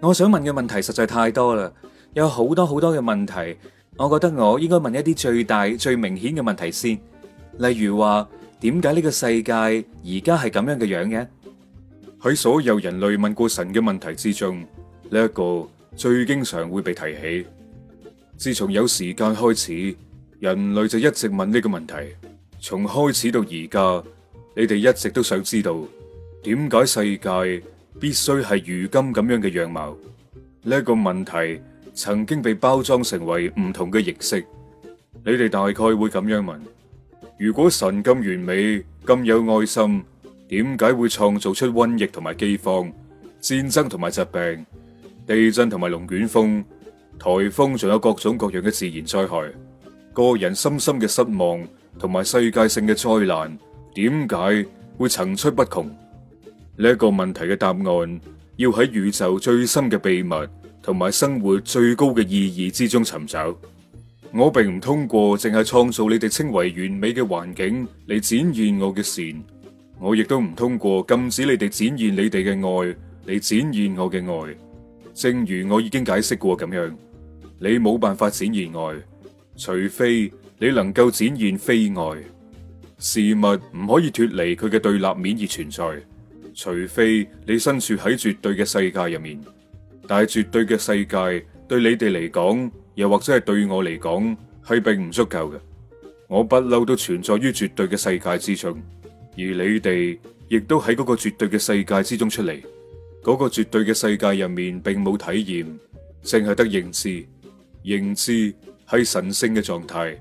我想問嘅問題實在太多啦，有好多好多嘅問題，我覺得我應該問一啲最大、最明顯嘅問題先。例如話，點解呢個世界而家係咁樣嘅樣嘅？喺所有人類問過神嘅問題之中，呢一個最經常會被提起。自從有時間開始，人類就一直問呢個問題，從開始到而家，你哋一直都想知道點解世界必須係如今咁樣嘅樣貌，呢個問題曾經被包裝成為唔同嘅形式。你哋大概會咁樣問：如果神咁完美、咁有愛心，點解會創造出瘟疫同埋飢荒、戰爭同埋疾病、地震同埋龍捲風、台風，仲有各種各樣嘅自然災害？個人深深嘅失望同埋世界性嘅災難，點解會層出不窮？呢一個問題嘅答案，要喺宇宙最深嘅秘密同埋生活最高嘅意義之中尋找。我並唔通過淨係創造你哋稱為完美嘅環境嚟展現我嘅善，我亦都唔通過禁止你哋展現你哋嘅愛嚟展現我嘅愛。正如我已經解釋過咁樣，你冇辦法展現愛，除非你能夠展現非愛。事物唔可以脫離佢嘅對立面而存在。除非你身處喺絕對嘅世界入面，但係絕對嘅世界對你哋嚟講，又或者係對我嚟講，係並唔足夠嘅。我不嬲都存在於絕對嘅世界之中，而你哋亦都喺嗰個絕對嘅世界之中出嚟。嗰個絕對嘅世界入面，並冇體驗，淨係得認知。認知係神聖嘅狀態，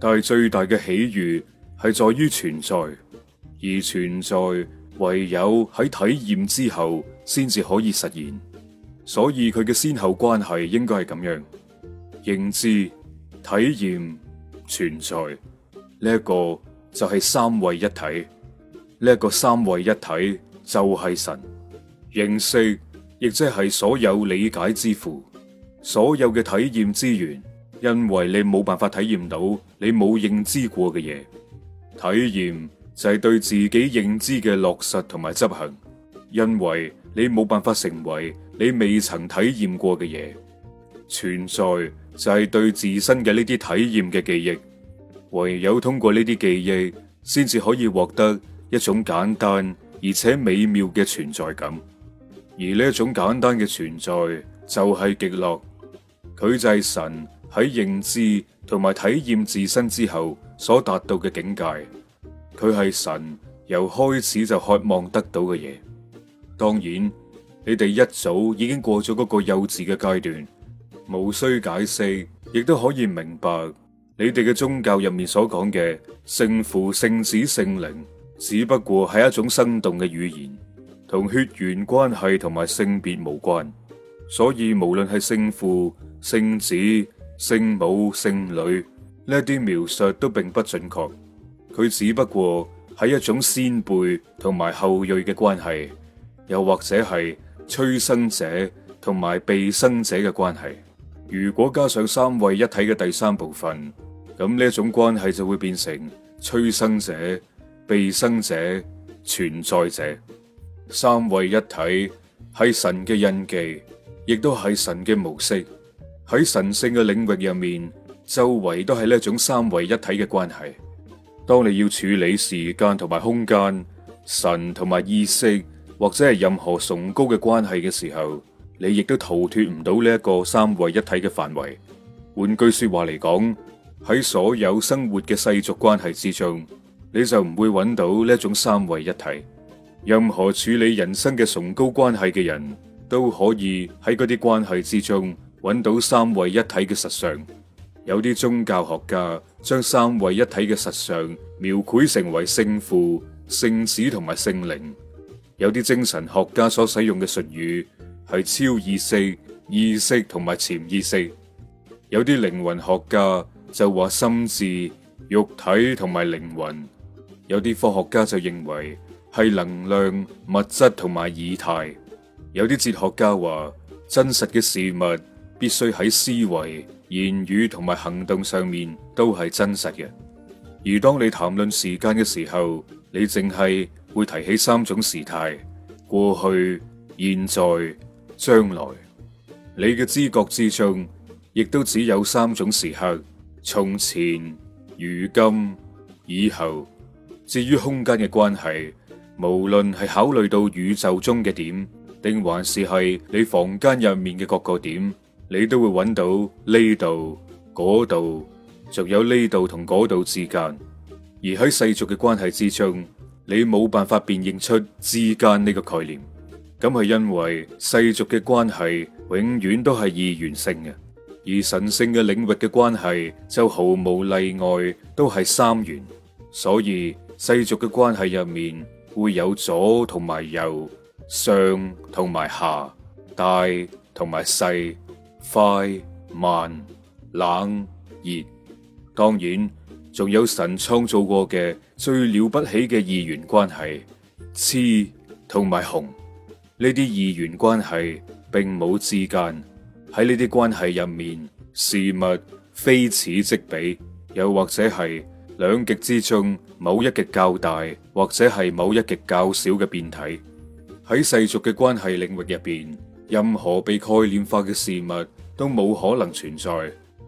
但係最大嘅喜悅係在於存在，而存在。唯有喺體驗之後，先至可以實現。所以佢嘅先後關係應該係咁樣：認知、體驗、存在呢一個就係三位一體。呢一個三位一體就係神。認識亦即係所有理解之父，所有嘅體驗之源。因為你冇辦法體驗到你冇認知過嘅嘢，體驗。就係對自己認知嘅落實同埋執行，因為你冇辦法成為你未曾體驗過嘅嘢。存在就係對自身嘅呢啲體驗嘅記憶，唯有通過呢啲記憶，先至可以獲得一種簡單而且美妙嘅存在感。而呢種簡單嘅存在就係極樂，佢就係神喺認知同埋體驗自身之後所達到嘅境界。佢係神，由開始就渴望得到嘅嘢。當然，你哋一早已經過咗嗰個幼稚嘅階段，無需解釋，亦都可以明白你哋嘅宗教入面所講嘅聖父、聖子、聖靈，只不過係一種生動嘅語言，同血緣關係同埋性別無關。所以，無論係聖父、聖子、聖母、聖女呢一啲描述都並不準確。佢只不過係一種先輩同埋後裔嘅關係，又或者係催生者同埋被生者嘅關係。如果加上三位一體嘅第三部分，咁呢一種關係就會變成催生者、被生者、存在者。三位一體係神嘅印記，亦都係神嘅模式。喺神聖嘅領域入面，周圍都係呢一種三位一體嘅關係。當你要處理時間同埋空間、神同埋意識，或者係任何崇高嘅關係嘅時候，你亦都逃脫唔到呢一個三位一體嘅範圍。換句說話嚟講，喺所有生活嘅世俗關係之中，你就唔會揾到呢一種三位一體。任何處理人生嘅崇高關係嘅人都可以喺嗰啲關係之中揾到三位一體嘅實相。有啲宗教學家將三位一體嘅實相描繪成為聖父、聖子同埋聖靈；有啲精神學家所使用嘅術語係超意識、意識同埋潛意識；有啲靈魂學家就話心智、肉體同埋靈魂；有啲科學家就認為係能量、物質同埋以太；有啲哲學家話真實嘅事物。必須喺思維、言語同埋行動上面都係真實嘅。而當你談論時間嘅時候，你淨係會提起三種時態：過去、現在、將來。你嘅知覺之中，亦都只有三種時刻：從前、如今、以後。至於空間嘅關係，無論係考慮到宇宙中嘅點，定還是係你房間入面嘅各個點。你都會揾到呢度、嗰度，仲有呢度同嗰度之間。而喺世俗嘅關係之中，你冇辦法辨認出之間呢個概念。咁係因為世俗嘅關係永遠都係二元性嘅，而神聖嘅領域嘅關係就毫無例外都係三元。所以世俗嘅關係入面會有左同埋右、上同埋下、大同埋細。快、慢、冷、熱，當然仲有神創造過嘅最了不起嘅二元關係，黐同埋雄。呢啲二元關係並冇之間。喺呢啲關係入面，事物非此即彼，又或者係兩極之中某一極較大，或者係某一極較小嘅變體。喺世俗嘅關係領域入邊，任何被概念化嘅事物。都冇可能存在，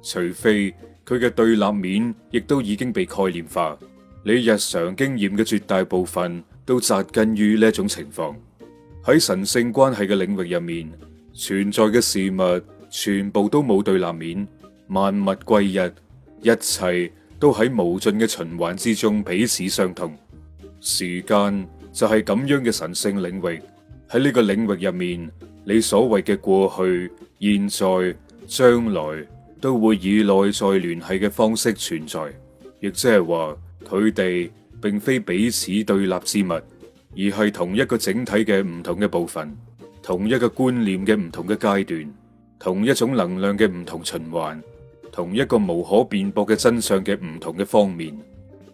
除非佢嘅對立面亦都已經被概念化。你日常經驗嘅絕大部分都扎根於呢種情況。喺神聖關係嘅領域入面，存在嘅事物全部都冇對立面，萬物歸一，一切都喺無盡嘅循環之中彼此相同。時間就係咁樣嘅神聖領域。喺呢個領域入面。你所謂嘅過去、現在、將來，都會以內在聯繫嘅方式存在，亦即係話佢哋並非彼此對立之物，而係同一個整體嘅唔同嘅部分，同一個觀念嘅唔同嘅階段，同一種能量嘅唔同循環，同一個無可辯駁嘅真相嘅唔同嘅方面。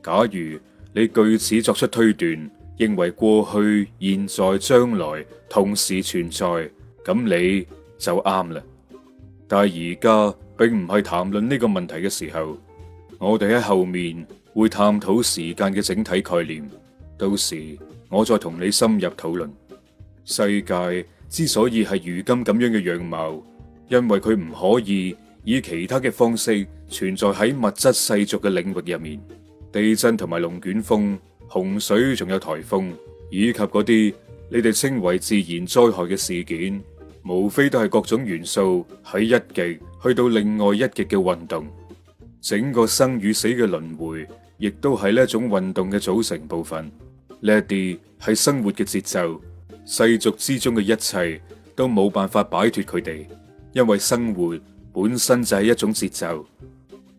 假如你據此作出推斷，認為過去、現在、將來同時存在。咁你就啱啦，但係而家並唔係談論呢個問題嘅時候，我哋喺後面會探討時間嘅整體概念，到時我再同你深入討論。世界之所以係如今咁樣嘅樣貌，因為佢唔可以以其他嘅方式存在喺物質世俗嘅領域入面。地震同埋龍捲風、洪水仲有颱風，以及嗰啲你哋稱為自然災害嘅事件。無非都係各種元素喺一極去到另外一極嘅運動，整個生與死嘅輪迴，亦都係呢一種運動嘅組成部分。呢一啲係生活嘅節奏，世俗之中嘅一切都冇辦法擺脫佢哋，因為生活本身就係一種節奏，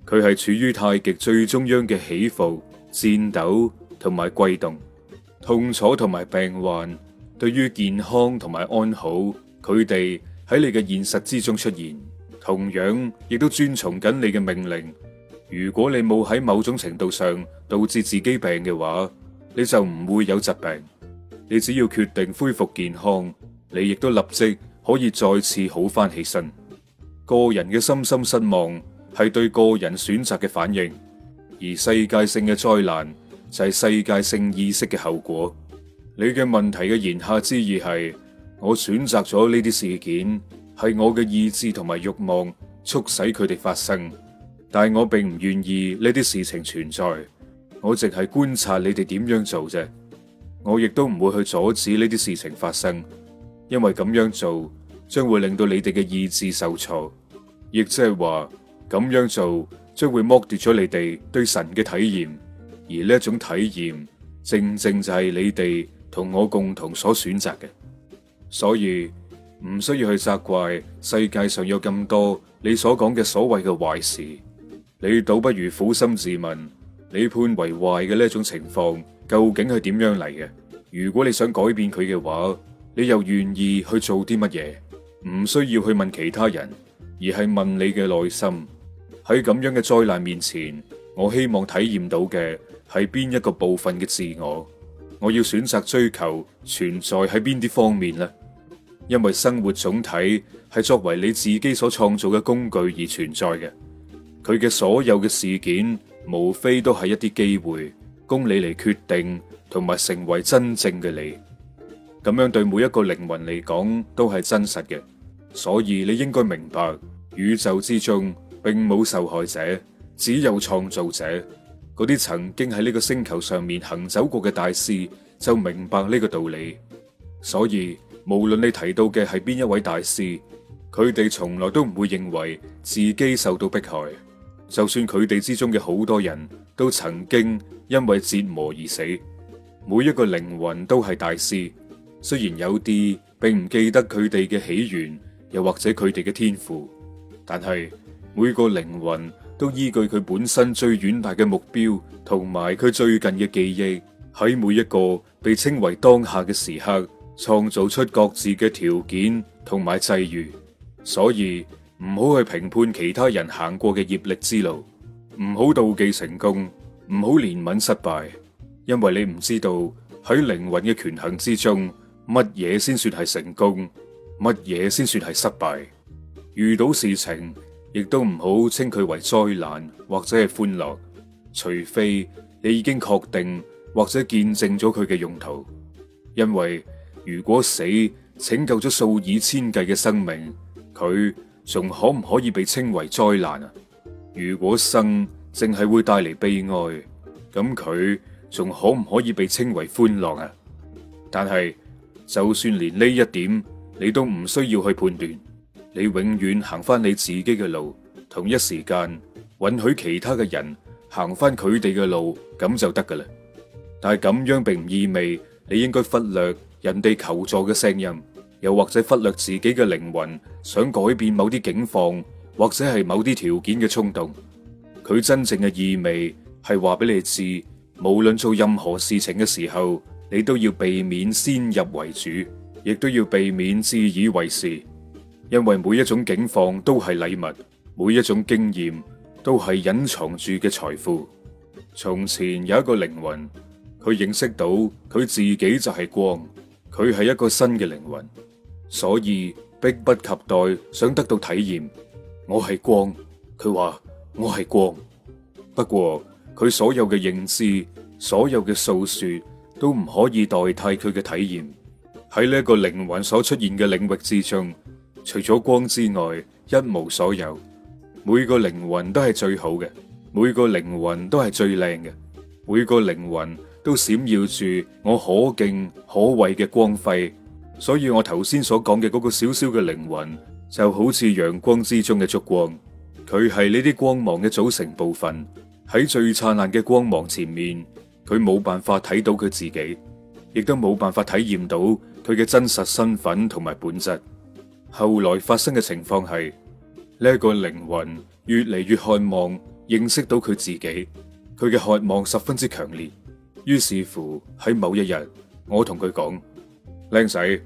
佢係處於太極最中央嘅起伏、顫抖同埋悸動、痛楚同埋病患，對於健康同埋安好。佢哋喺你嘅現實之中出現，同樣亦都遵從緊你嘅命令。如果你冇喺某種程度上導致自己病嘅話，你就唔會有疾病。你只要決定恢復健康，你亦都立即可以再次好翻起身。個人嘅深深失望係對個人選擇嘅反應，而世界性嘅災難就係世界性意識嘅後果。你嘅問題嘅言下之意係，我選擇咗呢啲事件，係我嘅意志同埋慾望促使佢哋發生，但係我並唔願意呢啲事情存在，我淨係觀察你哋點樣做啫，我亦都唔會去阻止呢啲事情發生，因為咁樣做將會令到你哋嘅意志受挫，亦即係話咁樣做將會剝奪咗你哋對神嘅體驗，而呢一種體驗正正就係你哋同我共同所選擇嘅。所以唔需要去責怪世界上有咁多你所講嘅所謂嘅壞事，你倒不如苦心自問，你判為壞嘅呢種情況究竟係點樣嚟嘅？如果你想改變佢嘅話，你又願意去做啲乜嘢？唔需要去問其他人，而係問你嘅內心。喺咁樣嘅災難面前，我希望體驗到嘅係邊一個部分嘅自我。我要選擇追求存在喺邊啲方面呢？因為生活總體係作為你自己所創造嘅工具而存在嘅，佢嘅所有嘅事件，無非都係一啲機會，供你嚟決定，同埋成為真正嘅你。咁樣對每一個靈魂嚟講，都係真實嘅，所以你應該明白，宇宙之中並冇受害者，只有創造者。嗰啲曾經喺呢個星球上面行走過嘅大師就明白呢個道理，所以無論你提到嘅係邊一位大師，佢哋從來都唔會認為自己受到迫害，就算佢哋之中嘅好多人都曾經因為折磨而死，每一個靈魂都係大師，雖然有啲並唔記得佢哋嘅起源，又或者佢哋嘅天賦，但係每個靈魂。都依據佢本身最遠大嘅目標，同埋佢最近嘅記憶，喺每一個被稱為當下嘅時刻，創造出各自嘅條件同埋際遇。所以唔好去評判其他人行過嘅業力之路，唔好妒忌成功，唔好憐憫失敗，因為你唔知道喺靈魂嘅權衡之中，乜嘢先算係成功，乜嘢先算係失敗。遇到事情。亦都唔好稱佢為災難或者係歡樂，除非你已經確定或者見證咗佢嘅用途。因為如果死拯救咗數以千計嘅生命，佢仲可唔可以被稱為災難啊？如果生淨係會帶嚟悲哀，咁佢仲可唔可以被稱為歡樂啊？但係就算連呢一點你都唔需要去判斷。你永遠行翻你自己嘅路，同一時間允許其他嘅人行翻佢哋嘅路，咁就得噶啦。但係咁樣並唔意味你應該忽略人哋求助嘅聲音，又或者忽略自己嘅靈魂想改變某啲境況或者係某啲條件嘅衝動。佢真正嘅意味係話俾你知，無論做任何事情嘅時候，你都要避免先入為主，亦都要避免自以為是。因為每一種境況都係禮物，每一種經驗都係隱藏住嘅財富。從前有一個靈魂，佢認識到佢自己就係光，佢係一個新嘅靈魂，所以迫不及待想得到體驗。我係光，佢話我係光。不過佢所有嘅認知、所有嘅訴說都唔可以代替佢嘅體驗。喺呢個靈魂所出現嘅領域之中，除咗光之外，一無所有。每個靈魂都係最好嘅，每個靈魂都係最靚嘅，每個靈魂都閃耀住我可敬可畏嘅光輝。所以我頭先所講嘅嗰個小小嘅靈魂，就好似陽光之中嘅燭光，佢係呢啲光芒嘅組成部分。喺最燦爛嘅光芒前面，佢冇辦法睇到佢自己，亦都冇辦法體驗到佢嘅真實身份同埋本質。後來發生嘅情況係呢個靈魂越嚟越渴望認識到佢自己，佢嘅渴望十分之強烈。於是乎喺某一日，我同佢講：靚仔，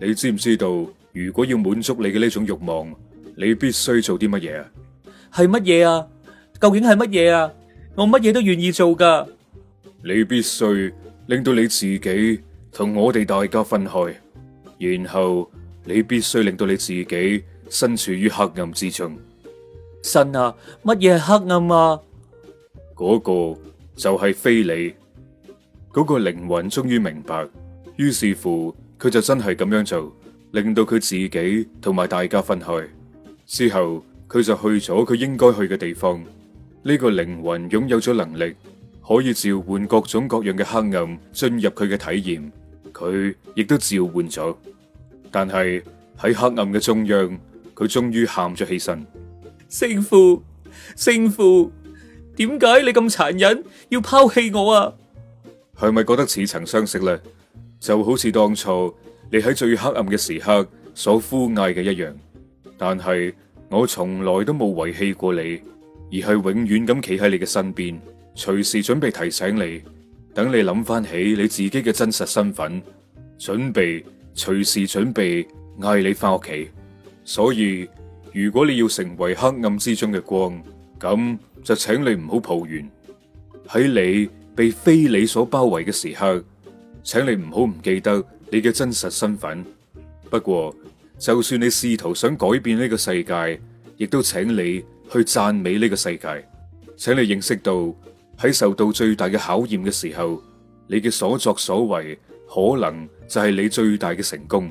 你知唔知道如果要滿足你嘅呢種欲望，你必須做啲乜嘢啊？係乜嘢啊？究竟係乜嘢啊？我乜嘢都願意做噶。你必須令到你自己同我哋大家分開，然後。你必須令到你自己身處於黑暗之中。神啊，乜嘢黑暗啊？嗰個就係非你。嗰個靈魂終於明白，於是乎佢就真係咁樣做，令到佢自己同埋大家分開。之後佢就去咗佢應該去嘅地方。呢個靈魂擁有咗能力，可以召喚各種各樣嘅黑暗進入佢嘅體驗。佢亦都召喚咗。但係喺黑暗嘅中央，佢終於喊咗起身。聖父，聖父，點解你咁殘忍要拋棄我啊？係咪覺得似曾相識咧？就好似當初你喺最黑暗嘅時刻所呼嗌嘅一樣。但係我從來都冇遺棄過你，而係永遠咁企喺你嘅身邊，隨時準備提醒你，等你諗翻起你自己嘅真實身份，準備。隨時準備嗌你翻屋企，所以如果你要成為黑暗之中嘅光，咁就請你唔好抱怨。喺你被非你所包圍嘅時刻，請你唔好唔記得你嘅真實身份。不過，就算你試圖想改變呢個世界，亦都請你去讚美呢個世界。請你認識到，喺受到最大嘅考驗嘅時候，你嘅所作所為。可能就係你最大嘅成功，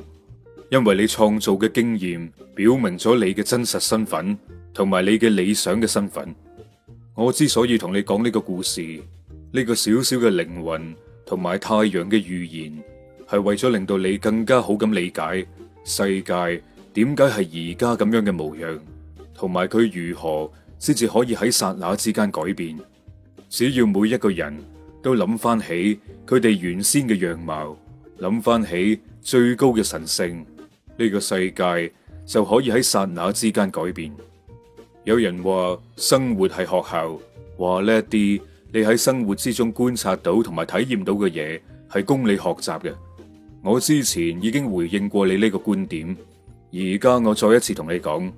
因為你創造嘅經驗表明咗你嘅真實身份同埋你嘅理想嘅身份。我之所以同你講呢個故事，呢個小小嘅靈魂同埋太陽嘅預言，係為咗令到你更加好咁理解世界點解係而家咁樣嘅模樣，同埋佢如何先至可以喺剎那之間改變。只要每一個人，都諗翻起佢哋原先嘅樣貌，諗翻起最高嘅神聖，呢個世界就可以喺剎那之間改變。有人話生活係學校，話呢一啲你喺生活之中觀察到同埋體驗到嘅嘢，係供你學習嘅。我之前已經回應過你呢個觀點，而家我再一次同你講，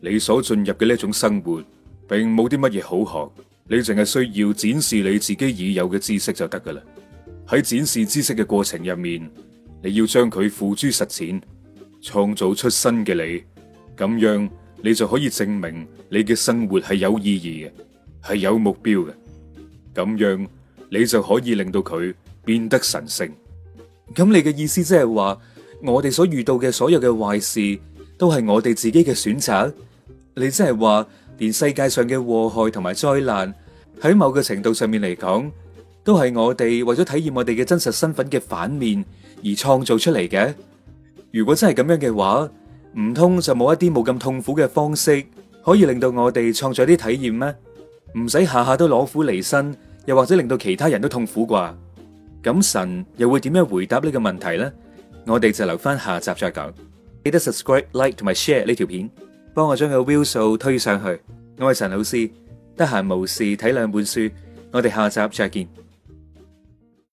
你所進入嘅呢一種生活並冇啲乜嘢好學。你淨係需要展示你自己已有嘅知識就得噶啦。喺展示知識嘅過程入面，你要將佢付諸實踐，創造出新嘅你，咁樣你就可以證明你嘅生活係有意義嘅，係有目標嘅。咁樣你就可以令到佢變得神聖。咁你嘅意思即係話，我哋所遇到嘅所有嘅壞事都係我哋自己嘅選擇。你即係話。連世界上嘅禍害同埋災難，喺某個程度上面嚟講，都係我哋為咗體驗我哋嘅真實身份嘅反面而創造出嚟嘅。如果真係咁樣嘅話，唔通就冇一啲冇咁痛苦嘅方式，可以令到我哋創造啲體驗咩？唔使下下都攞苦離身，又或者令到其他人都痛苦啩？咁神又會點樣回答呢個問題呢？我哋就留翻下集再講，記得 subscribe、like 同埋 share 呢條片。幫我將個 view 數推上去。我係陳老師，得閒無事睇兩本書。我哋下集再見。